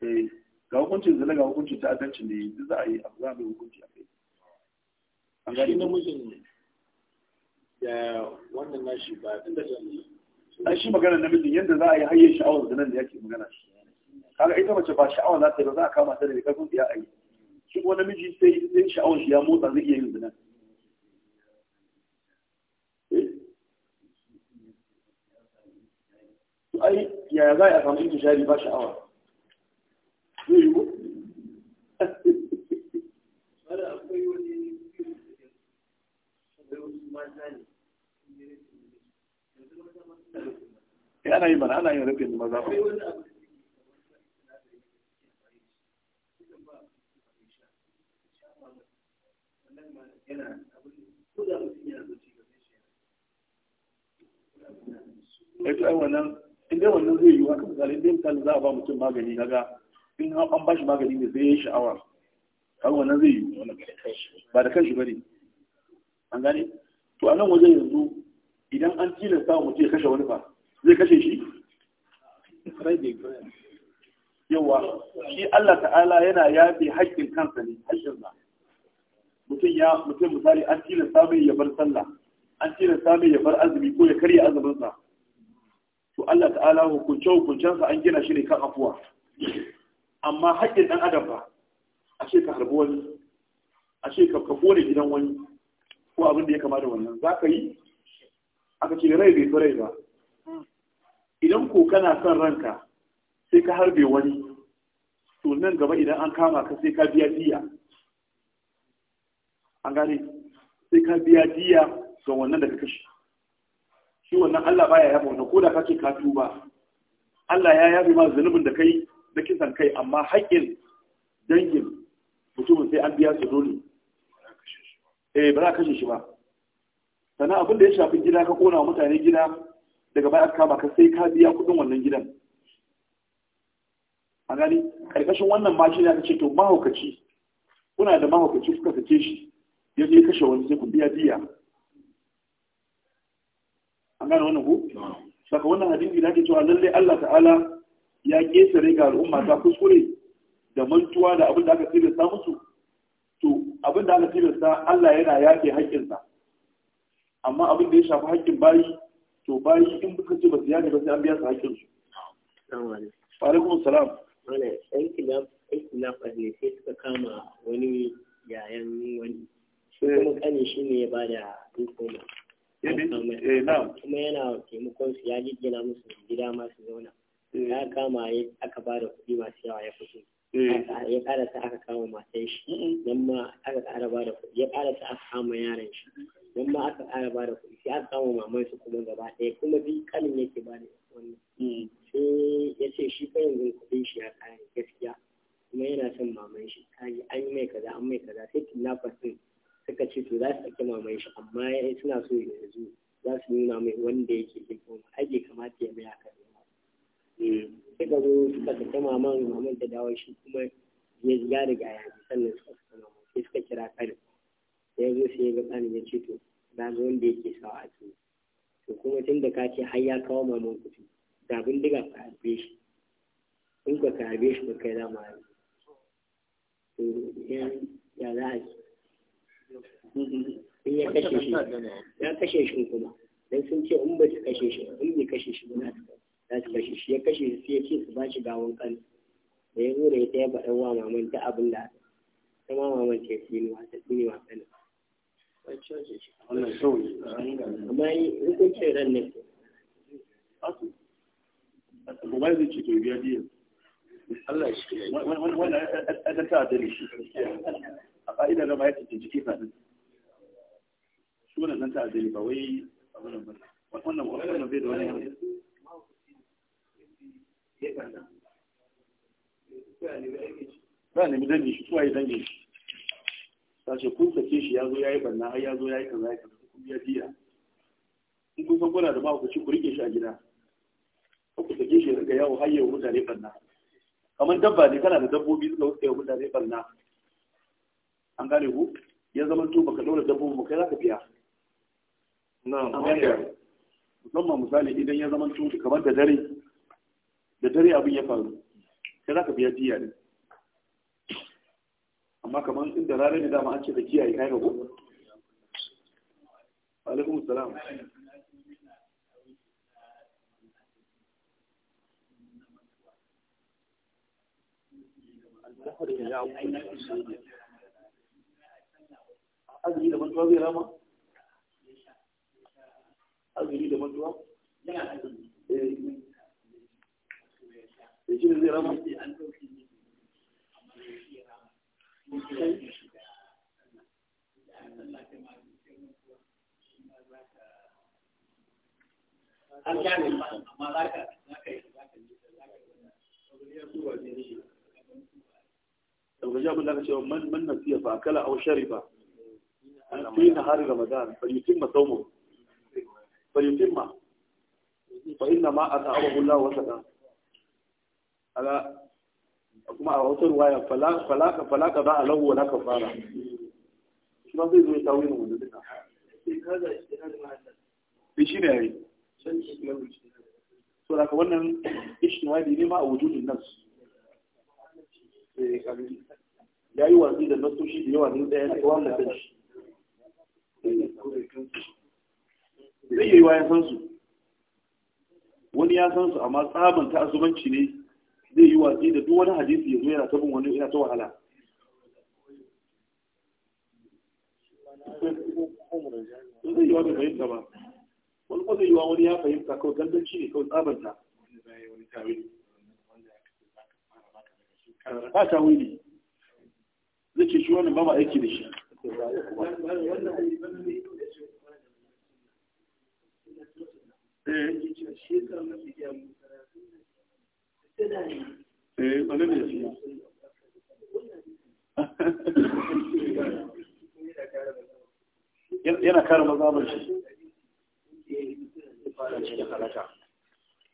Speaker 1: eh, ga hukuncin zina ga hukuncin ta'addancin da ya yi duk za a yi abu za a mai hukunci a kai a gari namijin da wannan nashi ba tun da jami'i shi magana mijin yadda za a yi hayyar sha'awar zinan da yake magana shi kaga ita mace ba sha'awar za ta yi ba za a kama ta da ƙarfin tsiya a yi shi ko namiji sai sai sha'awar shi ya motsa zai iya yin zina eh? ai yaya za a samu intishari ba sha'awa zai yi ko
Speaker 2: akwai wani
Speaker 1: eh, ana yi mana ana yin rufin maza ba
Speaker 2: yana ko da mutum yana zuci ga zai
Speaker 1: shi ai wannan in dai wannan zai yiwu haka misali ɗin dai misali za a ba mutum magani kaga in an ba shi magani ne zai yi sha'awa kaga wannan zai yiwu ba da kanshi bane an gane to a nan wajen yanzu idan an tilasta wa mutum ya kashe wani ba, zai kashe shi yawa shi Allah ta'ala yana yafe haƙƙin kansa ne haƙƙin haƙƙinsa mutum ya mutum misali an tilasta mai ya bar sallah an tilasta mai ya bar azumi ko ya karya azuminsa to Allah ta'ala hukunce hukuncensa an gina shi ne kan afuwa amma haƙƙin ɗan adam ba a ce ka harbi wani a ce ka kone gidan wani ko abin da ya kama da wannan za ka yi aka ce rai bai rai ba idan ko kana son ranka sai ka harbe wani to nan gaba idan an kama ka sai ka biya diya an gane sai ka biya diya ga wannan da ka kashe shi wannan Allah baya yaba wannan ko da kake ka tuba Allah ya yabe ma zanubin da kai da kisan kai amma haƙƙin dangin mutumin sai an biya su dole eh ba za ka kashe shi ba sannan abin da ya shafi gida ka kona mutane gida daga baya kama ka sai ka biya kudin wannan gidan a gani karkashin wannan ma shi ne aka ce to mahaukaci kuna da mahaukaci kuka sace shi ya je kashe wani sai ku biya biya an gane wannan ku saka wannan hadisi da ke cewa lalle Allah ta'ala ya kesare ga al'umma ta kuskure da mantuwa da abin da aka tilasta musu to abin da aka tilasta Allah yana yake haƙƙinsa amma abin da ya shafi haƙƙin bayi to bayi in buka ce ba su yake ba sai an biya su haƙƙin su alaikum salam wala sai kilaf sai kilaf a ne sai suka
Speaker 2: kama wani yayan wani
Speaker 1: kuma kane shi ne ya bada dukkan eh,
Speaker 2: kuma yana taimakon su ya jijjina musu gida masu zauna eh. ya kama aka ba da kuɗi masu yawa ya fito eh. ya karasa aka kama matan shi nan ma aka kara bada kuɗi ya karasa aka kama yaran shi nan ma aka kara bada kuɗi sai aka kama maman su kuma gaba ɗaya kuma duk kanin yake bada wannan mm. sai ya ce shi fa yanzu kuɗin shi ya kare gaskiya kuma yana son maman shi kaji an yi mai kaza an mai kaza sai kidnappers din suka ce to za su ɗauki maman shi amma suna so yanzu za su nuna mai wanda yake da kuma ake kamata ya mai haka eh, suka zo suka ɗauki maman maman da dawo shi kuma ya ya riga ya ji sannan suka saka maman sai suka kira kanin ya zo sai ya ga kanin ya ce to za zo wanda yake sawa a cikin to kuma tun da ka ce har ya kawo maman kuɗi ga bindiga ka harbe shi in ka harbe shi ba kai za mu harbe to ya za a ce in ya kashe shi ya kashe shi kuma dan sun ce in ba su kashe shi in bai kashe shi ba za su kashe shi ya kashe shi sai ya ce su ba shi gawon kan da ya zo ya tsaya faɗan wa maman ta abin da ta ma maman ta yi ne wasa ne wasa ne wannan ne amma
Speaker 1: yi ran ne zai ce to biya Allah shi wannan ta da shi a ba ya ce jiki shi wannan dan ta'adda ne ba wai wannan wannan bai da wani ba ne mu dangi shi kuwa ya dangi shi ce kun sake shi ya zo ya yi banna har ya zo ya yi kaza ya kaza kun biya biya in kun san kuna da mahaukaci ku rike shi a gida ku sake shi ya rika yawo har yawo mutane banna kamar dabba ne kana da dabbobi suka wuce yawo mutane banna an gane ku ya zama to baka ɗaura dabbobin mu kai za ka biya musamman misali idan ya zama cuta kamar da dare da dare abin ya faru sai za ka biya jiya ne amma kamar inda ranar da dama an ce da kiyaye kai ga gobe alaikum salam azumi da mantuwa zai rama
Speaker 2: azumi da mantuwa yana azumi eh shi ne zai rama an dauki ne amma shi rama an gane amma za ka za ka yi za ka yi za ka
Speaker 1: yi abin da ka cewa man man nasiya fa kala aw shariba fi nahari ramadan fa yutimma sawmu fayyutimma fa inna ma a ta'awahu Allah wa sada ala kuma a wata ruwaya falaka falaka ba alahu wa la kafara shi ba zai zo ya tawo yin wanda duka sai shi ne yayi so da wannan ishtihadi ne ma a wujudin nas ya yi watsi da nasoshi da yawa ne ɗaya da kowa da kanshi zai yi ya san su wani ya san su amma tsabin ta azubanci ne zai yi watsi da duk wani hadisi ya zo yana ta bin wani yana ta wahala zai yi wa bai fahimta ba wani kuma zai yi wa wani ya fahimta kawai gandanci ne kawai tsabanta ba ta wuli zai ce shi wani ba ma aiki da shi eh, eh wane ne shi [LAUGHS] yana kare mazabar shi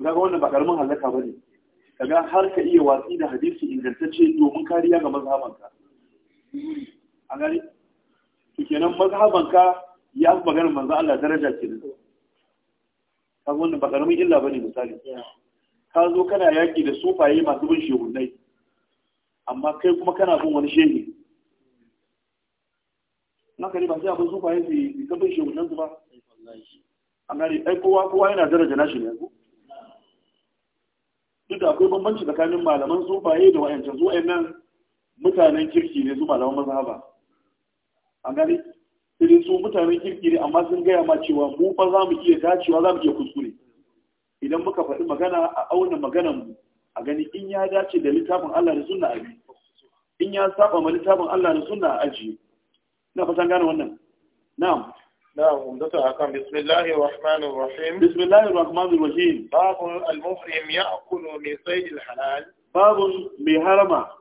Speaker 1: daga wannan ba karamin halaka ba ne daga har ka iya watsi da hadisi ingantacce domin kariya ga mazhabanka a gari kenan mazhabanka ya fi maganar manzo Allah daraja kenan kan wannan ba karamin illa bane misali ka zo kana yaki da sufaye masu bin shehunai amma kai kuma kana bin wani shehu na kare ba sai abin sufaye su yi ta bin shehunan su ba a ne ai kowa kowa yana daraja nashi ne yanzu duk da akwai bambanci tsakanin malaman sufaye da wayancan su wayannan mutanen kirki ne su malaman mazhaba a gani. irin su mutanen kirkiri amma sun gaya ma cewa mu fa za mu iya dacewa za mu iya kuskure idan muka faɗi magana a auna maganan mu a gani in ya dace da littafin Allah da sunna abi in ya saba ma littafin Allah da sunna aji Ina fatan gane wannan na'am نعم ومدته أكم بسم الله الرحمن الرحيم بسم الله الرحمن الرحيم باب المحرم يأكل من halal. الحلال باب harama,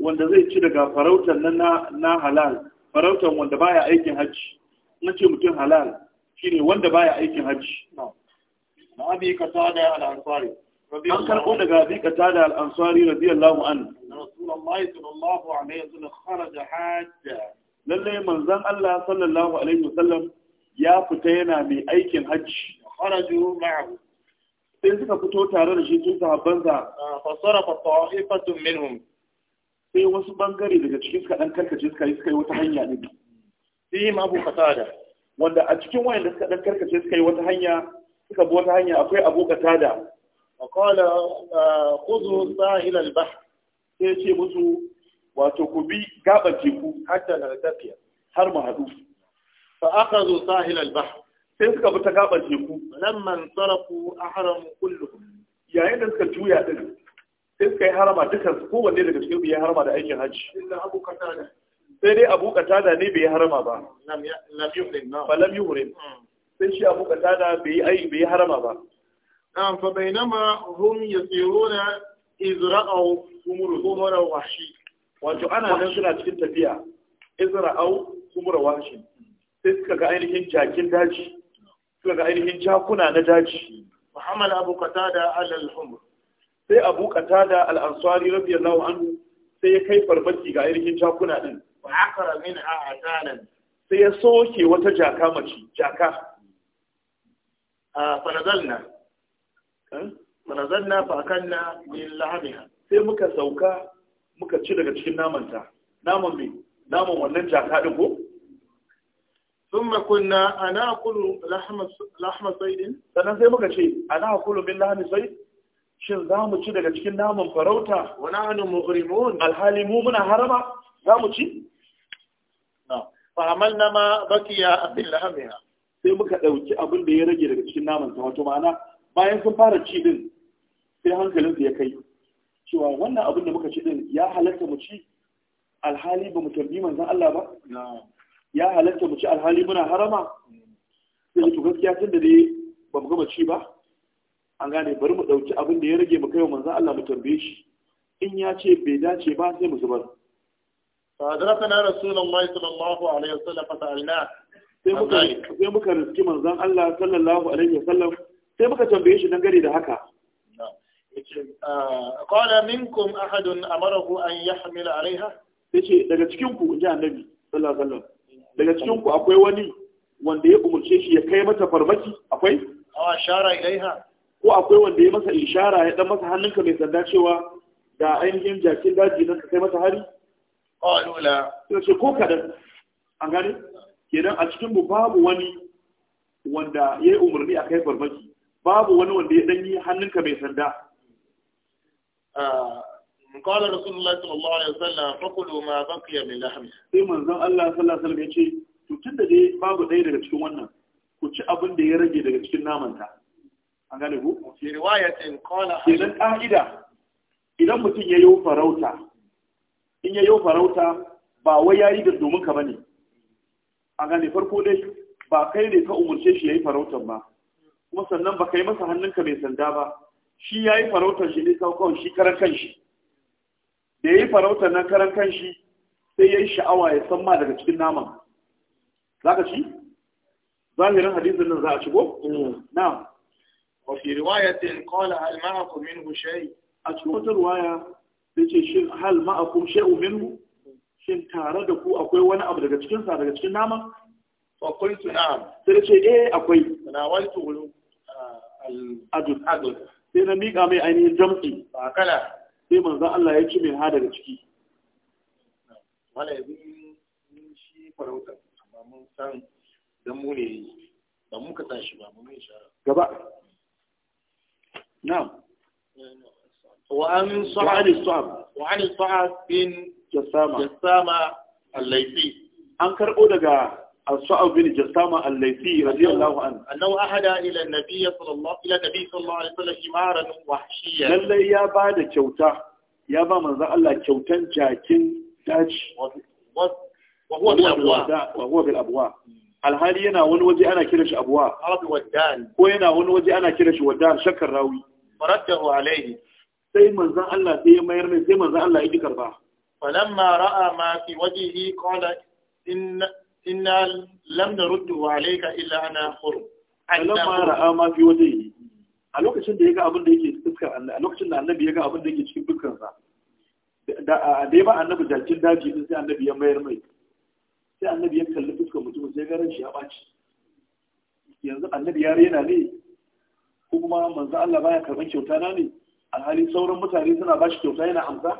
Speaker 1: wanda zai ci daga farautar na na halal farautan wanda baya aikin hajji na ce mutum halal shine wanda baya aikin hajji na abi qatada al-ansari an karɓo daga abi qatada al-ansari radiyallahu anhu rasulullahi sallallahu alaihi wasallam kharaja hajja lalle manzon Allah sallallahu alaihi wasallam ya fita yana mai aikin hajji kharaju ma'ahu sai suka fito tare da shi tun sahabbansa fasara fa ta'ifatun minhum sai wasu bangare daga cikin suka dan karkace suka yi suka yi wata hanya ne sai ma abu qatada wanda a cikin da suka dan karkace suka yi wata hanya suka bi wata hanya akwai abu da. wa qala ah, khudhu sa'il al-bahr sai ce musu wato ku bi gaban teku hatta na tafiya har mu hadu fa akhadhu sa'il al-bahr sai suka bi ta gaban teku lamman sarafu ahramu kulluhum yayin da suka juya din sai suka yi harama dukan ko wanne daga cikin ya harama da aikin hajji sai dai abu katada ne bai harama ba falam yuhrim hmm. sai shi abu katada bai ai bai harama ba nam fa bainama hum yasiruna izra'u kumur kumur wahshi wato ana nan suna cikin tafiya izra'u kumur wahshi sai suka ga ainihin jakin daji suka ga ainihin jakuna na daji muhammad abu katada alal humur sai abu al’ansuwari rabbi yana wa hannu. sai ya kai farbaki ga ainihin jakuna ɗin. wa akara min a'tanan sai ya soke wata jaka mace jaka a fanazalna fanazalna fa na eh? min lahabiha sai muka sauka muka ci daga cikin namanta naman me naman wannan jaka ɗin ko sun كنا ana kulu لحم Sannan sai muka ce ما كشي أنا أكل من shin za mu ci daga cikin naman farauta wani hannun mugrimun alhali mu muna harama za mu ci? fa'amal na ma bakiya a bin lahamiya sai muka ɗauki abin da ya rage daga cikin namun ta wato ma'ana bayan sun fara ci din sai hankalin ya kai cewa wannan abin da muka ci din ya halatta mu ci alhali ba mu tambi manzan Allah ba ya halatta mu ci alhali muna harama mm. sai to gaskiya tun da dai ba mu gama ci ba an gane bari mu ɗauki abin da ya rage mu kai wa manzan Allah mu tambaye shi in ya ce bai dace ba sai mu zubar فأدركنا Rasulun الله صلى الله wa sallam فسألناه sai muka riski manzan Allah sallallahu alaihi sallam? sai muka tambaye shi dangane da haka ah, qala minkum ahadun amarahu an hamila alaiha ce daga cikinku, in ji annabi sallallahu alaihi sallam. daga cikinku akwai wani wanda ya umarce shi ya kai mata farmaki akwai Awa, shara ilaiha ko akwai wanda ya masa ishara ya dan masa hannunka mai sanda cewa da ainihin jakin daji nan ka kai masa hari qalu Ina ce ko kadan an gane kenan a cikin mu babu wani wanda ya yi umarni a kai farmaki babu wani wanda ya yi hannunka mai sanda قال رسول الله صلى الله عليه وسلم فكلوا ما بقي sai manzon Allah sallallahu alaihi wasallam yace to tunda dai babu ɗaya daga cikin wannan ku ci abin da ya rage daga cikin namanta an gane ku fi riwayatin qala idan ka'ida idan mutum ya yi farauta in ya yi farauta ba wai ya yi da domin ka bane A gane farko dai ba kai ne ka umarce shi ya yi farautar ba kuma sannan ba kai masa hannunka mai sanda ba shi ya yi farautar shi ne kawai shi karan kanshi da ya yi farautar nan karan kanshi sai ya yi sha'awa ya san ma daga cikin naman za ka ci zahirin hadisin nan za a ci ko mm. na'am وفي رواية قال هل معكم منه شيء أتوت رواية لكي هل معكم شيء منه shin tare da ku akwai wani abu daga cikin sa daga cikin nama fa qultu na'am sai ce eh akwai na waltu gulu al adud sai mika mai ainihin jamsi ba kala sai manzo Allah ya ci mai ha daga ciki wala yanzu shi farauta amma mun san dan mu ne dan muka tashi ba mun yi shara gaba نعم وعن صعب الصعب وعن الصعب بن جسامة جسامة الليثي أنكر أودغا الصعب بن جسامة الليثي رضي الله عنه أنه أهدى إلى النبي صلى الله إلى النبي صلى الله عليه وسلم حمارا وحشيا للي يا بعد كوتا يا با من ذا الله كوتان جاكين تاج وهو بالأبواء وهو بالأبواء alhali yana wani waje ana kira shi abuwa ko yana wani waje انا كيرش shi شكر راوي faraddahu عليه sai manzon Allah الله mayar mai sai manzon Allah الله يجي كربا فلما راى ما في وجهه قال ان ان لم نرد عليك الا انا خر فلما راى ما fi وجهه a lokacin da ya ga abin da yake fuskar Allah a lokacin da annabi ya ga abin da yake cikin fuskarsa da da ba annabi jakin daji din sai annabi ya mayar mai sai annabi ya kalli fuskar mutum sai garin shi ya baci yanzu annabi ya rena ne ko kuma manzo Allah baya karɓar kyauta na ne alhali sauran mutane suna bashi kyauta yana amsa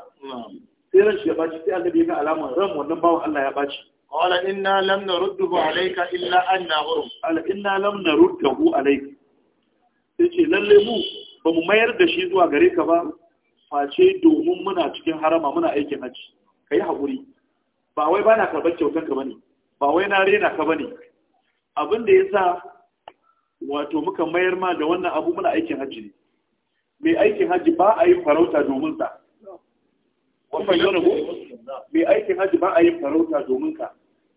Speaker 1: sai ran shi ya baci sai annabi ya ga alama ran wannan bawan Allah ya baci qala inna lam narudduhu alayka illa anna hurum ala inna lam narudduhu alayka yace lalle mu ba mu mayar da shi zuwa gare ka ba face domin muna cikin harama muna aikin haji kai hakuri ba wai bana karɓar kyautan ka bane ba wai na rena ka bane abin da yasa wato muka mayar ma da wannan abu muna aikin hajji ne mai aikin hajji ba a yin farauta domin ka. wannan mai aikin hajji ba a yin farauta domin ka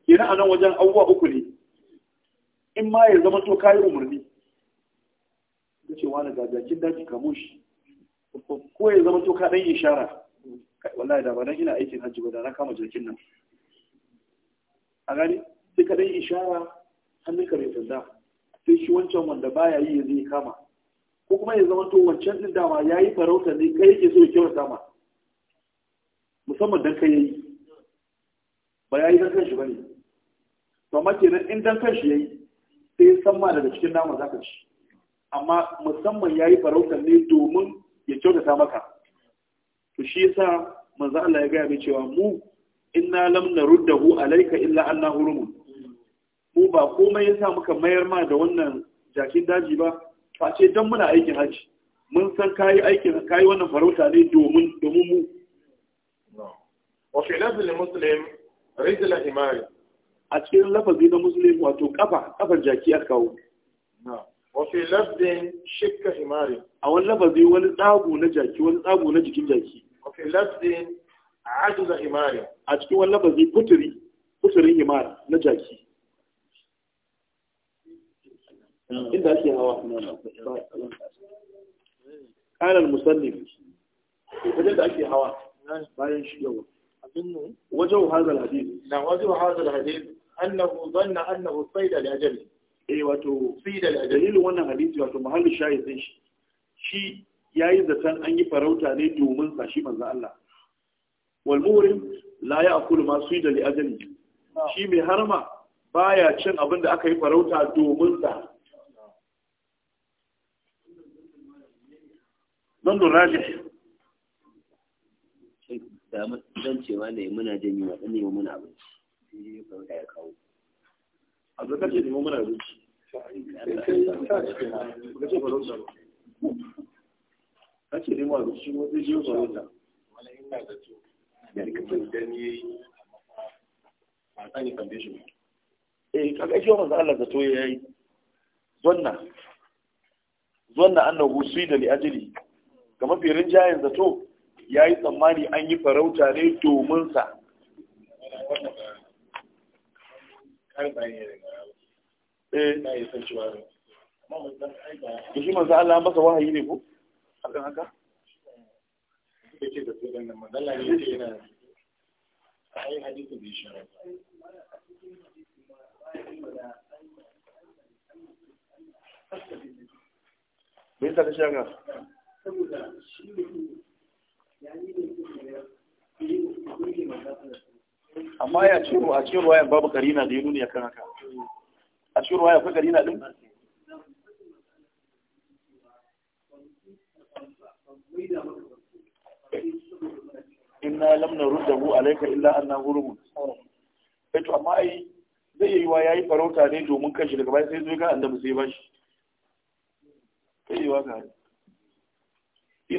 Speaker 1: Yana anan wajen abubuwa uku ne in ma ya zama to kayi umarni da cewa na gajajen daji kamo shi ko ya zama to ka dan ishara wallahi da ba ina aikin hajji ba da na kama jirgin nan a gani sai ka dan ishara hannun ka bai sanda sai shi wancan wanda baya yi ya zai kama ko kuma ya zama to wancan din dama ya yi farauta ne kai yake so ya kyauta ma musamman dan kai yayi ba ya yi dan kanshi ne to amma kenan in dan kanshi yayi sai ya san ma daga cikin nama ka ci amma musamman ya yi farauta ne domin ya kyautata maka to shi yasa manzo Allah ya gaya mai cewa mu inna lam naruddahu alayka illa annahu rumun mu ba komai yasa muka mayar ma da wannan jakin daji ba face don muna aikin haji mun san kayi aikin kayi wannan farauta ne domin domin mu wa fi lafzil muslim rijl himari a cikin lafazi na muslim wato kafa kafar jaki aka kawo wa fi lafzin shikka himari a wani lafazi wani tsago na jaki wani tsago na jikin jaki wa fi lafzin ajuza himari a cikin wani lafazi kuturi kuturin himari na jaki inda ake hawa ƙarar musallin wajen da ake hawa bayan shi yawa wajen hadis na wajen hazal hadis annahu zanna annahu saida da ajali eh wato saida da dalilin wannan hadisi wato mahallin shahid din shi shi yayi zaton an yi farauta ne domin sa shi manzo Allah wal muhrim la ya'kul ma saida li ajali shi mai harma baya cin abin da aka yi farauta domin sa don don raji
Speaker 2: da matsalan cewa ne muna janyi wa ɗan yi muna abinci shi yi kawo ya kawo a zaka ce nemo muna abinci
Speaker 1: ka ce nemo abinci kuma zai je farauta wani ina da to ya rikicin ganye a tsani foundation eh kaga shi wannan Allah zato yayi zonna zonna annahu suida li ajli ga mafi rinjayen zato ya yi tsammani an yi farauta ne dominsa ya eh. da shi manzo Allah masa wahayi ne ko akan haka bai sa ka shaga saboda shi
Speaker 2: ya yi
Speaker 1: amma ya ce a ce ruwayan babu karina da ya nuni akan haka a ce ya akwai karina din inna lam naruddahu alayka illa annahu rumun sai eh to amma ai zai yi wa yayi farauta ne domin kashi daga bai sai zo ga annabi sai bashi sai yi wa ga kila Eh. eh.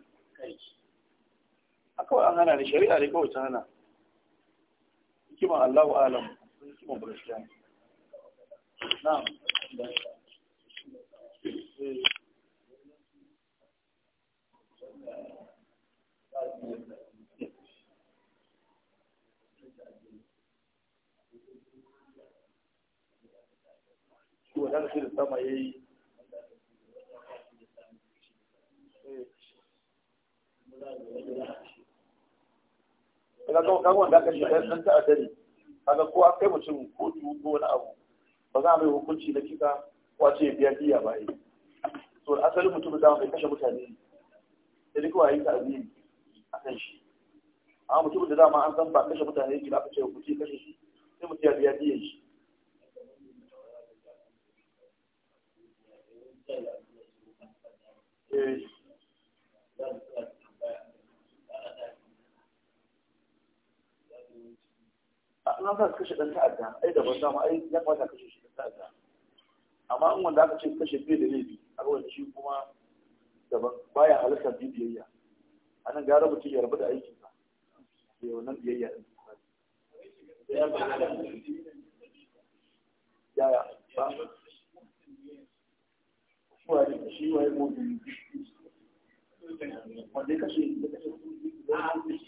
Speaker 1: Akwai an hana ne shari'a ne kawai ta hana hikiman allahu alam hikiman gaskiya ne na'am Ko kaga kaga wanda aka shi dan ta adari kaga ko akai mutum ko dubu ko wani abu ba za mai hukunci na kika ko ce biya biya ba yi so asali mutum da mai kashe mutane sai dai yi ta azimi a kan shi amma mutum da dama an san ba kashe mutane yake aka ce hukunci kashe shi sai mutum ya biya biya shi eh an sa kashe ɗan ta'adda ai da ban dama ai ya kamata kashe shi ɗan ta'adda amma in wanda aka ce kashe bai da laifi a wani shi kuma daban baya halittar biyayya a nan gara mutum ya rabu da aikin sa da wannan biyayya din yaya ba shi waye mu wanda kashe kashe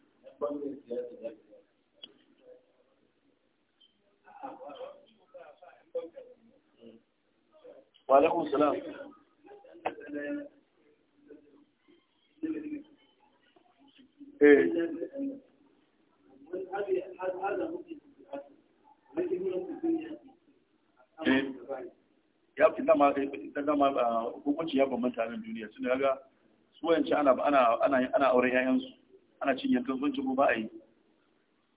Speaker 1: wa alaikun eh. eh. ya fi eh, ah, ya bambanta nan duniya suna ga su ana ana ana auren yayansu ana cin yankan zuci ko ba a yi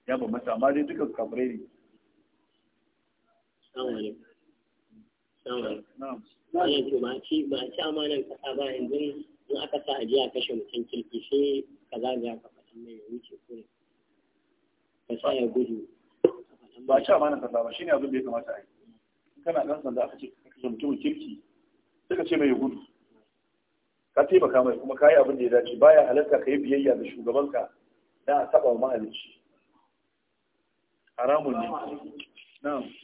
Speaker 1: ya bambanta amma dai dukkan kafirai
Speaker 2: ne Wannan to ba ci ba ci amanan kasa ba yanzu in aka sa a jiya kashe mutum
Speaker 1: kirki sai ka zagaya ka faɗan mai wuce kurin ka sa ya gudu ba a ci amanan kasa ba shi ne abin da ya kamata a yi kana ɗan sanda aka ce ka kashe mutumin kirki sai ka ce mai ya gudu ka taimaka mai kuma ka yi abin da ya dace baya halarta ka yi biyayya da shugabanka na a taɓa mahalicci haramun ne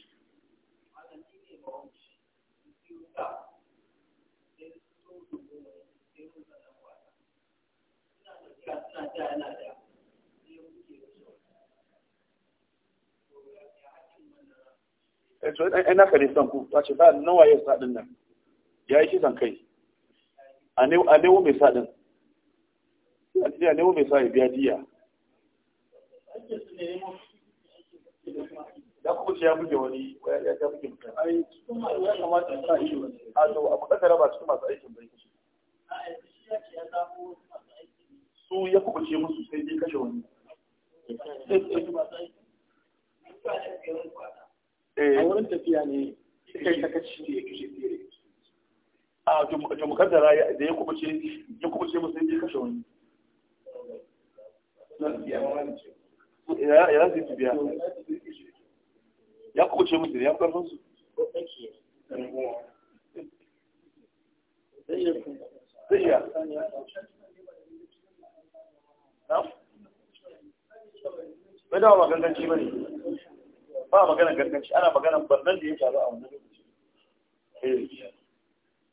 Speaker 1: Ina eh, ka ne son ku ta ce ba nawa yau sa nan ya yi kisan kai a nemo mai sa ɗin a ce a nemo mai sa ya biya diya da kuma ce ya buge wani ya ta buge mutum ai cikin masu ya kamata sa ido a to a kuɗa raba cikin masu aikin bai
Speaker 2: kashe
Speaker 1: su ya kubuce musu sai dai kashe wani a wurin tafiya ne suka yi sakaci ne ya kashe tsere a jumukaddara da ya kubuce ya kubuce musu ya kashe wani ya za su biya ya kubuce musu ya karfin su zai iya bai dawa ba ganganci ba ne ba magana ganganci ana magana barnan da ya faru a wannan lokaci eh.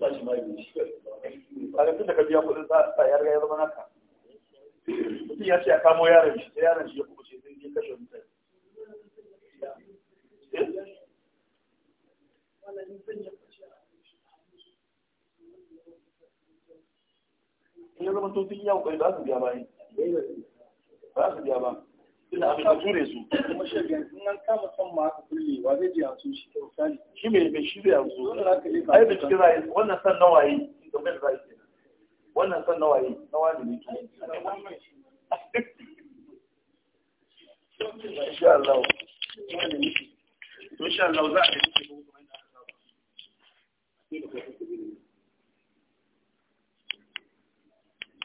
Speaker 1: kaga tun da ka biya kuɗin sa ya riga ya zama naka mutum ya ce a kamo yaron shi sai yaron shi ya kuma ce sai ya kashe mutane eh? ya zama to sun yi yawon ƙwai za su biya bayan ba su biya ba da abin da ture su kuma shi in kama son ma aka kulle wa zai je a su shi misali shi mai mai shi zai yanzu ai bincike za yi wannan san nawa yi yi wannan san nawa yi nawa ne insha Allah insha Allah za a yi